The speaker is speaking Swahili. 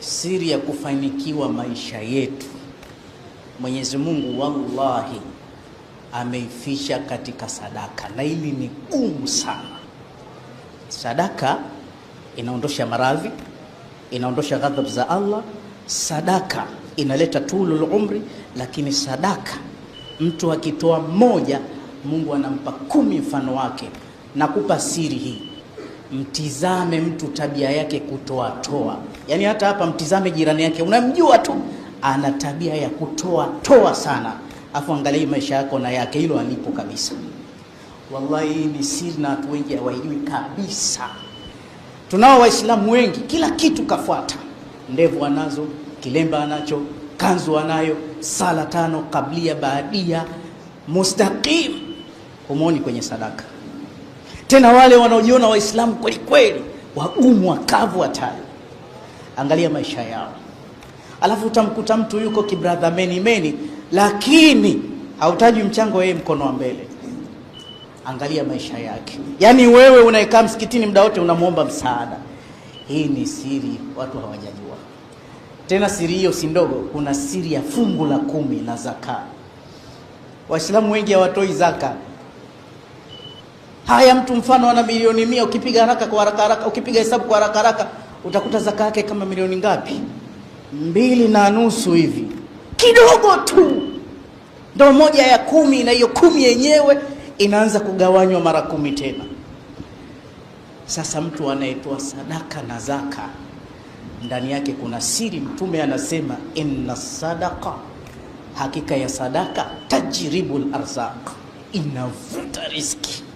siri ya kufanikiwa maisha yetu Mwenyezi Mungu wallahi ameifisha katika sadaka, na hili ni gumu sana. Sadaka inaondosha maradhi, inaondosha ghadhab za Allah. Sadaka inaleta tulul umri, lakini sadaka mtu akitoa moja, Mungu anampa kumi mfano wake. Nakupa siri hii mtizame mtu tabia yake kutoatoa. Yaani hata hapa mtizame jirani yake, unamjua tu ana tabia ya kutoatoa sana, afu angalia maisha yako na yake, hilo alipo kabisa. Wallahi ni siri na watu wengi hawajui kabisa. Tunao Waislamu wengi, kila kitu kafuata, ndevu anazo, kilemba anacho, kanzu anayo, sala tano, kablia, baadia, mustaqim, humwoni kwenye sadaka tena wale wanaojiona Waislamu kweli kweli, wagumu, wakavu, hatari. Angalia maisha yao, alafu utamkuta mtu yuko kibradha meni meni, lakini hautaji mchango yeye mkono wa mbele. Angalia maisha yake, yaani wewe unaekaa msikitini muda wote unamwomba msaada. Hii ni siri, watu hawajajua. Tena siri hiyo si ndogo, kuna siri ya fungu la kumi la zaka. Waislamu wengi hawatoi zaka Haya, mtu mfano ana milioni mia, ukipiga haraka kwa haraka haraka, ukipiga hesabu kwa haraka haraka utakuta zaka yake kama milioni ngapi? Mbili na nusu hivi, kidogo tu, ndo moja ya kumi, na hiyo kumi yenyewe inaanza kugawanywa mara kumi tena. Sasa mtu anayetoa sadaka na zaka ndani yake kuna siri. Mtume anasema inna sadaka hakika ya sadaka tajribul arzaq, inavuta riziki